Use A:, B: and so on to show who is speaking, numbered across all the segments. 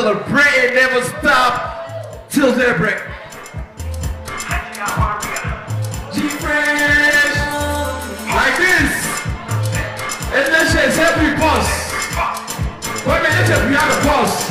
A: celebrating, never stop till break. G-Fresh! Like this! And let's just help you boss. Wait a minute, let's help you out of boss.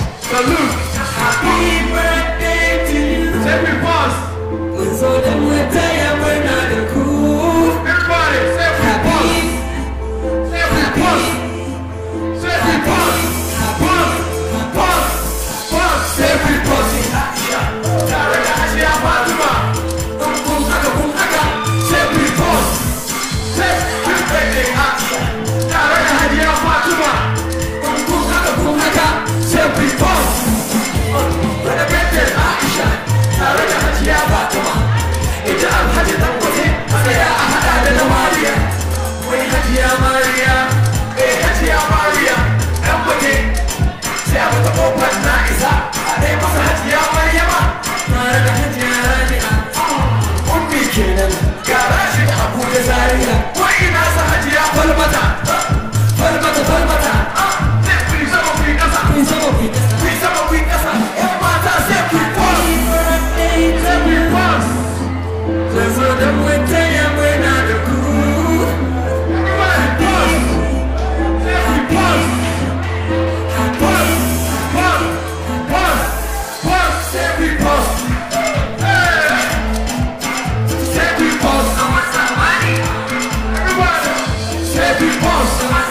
A: every monster.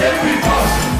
A: every boss.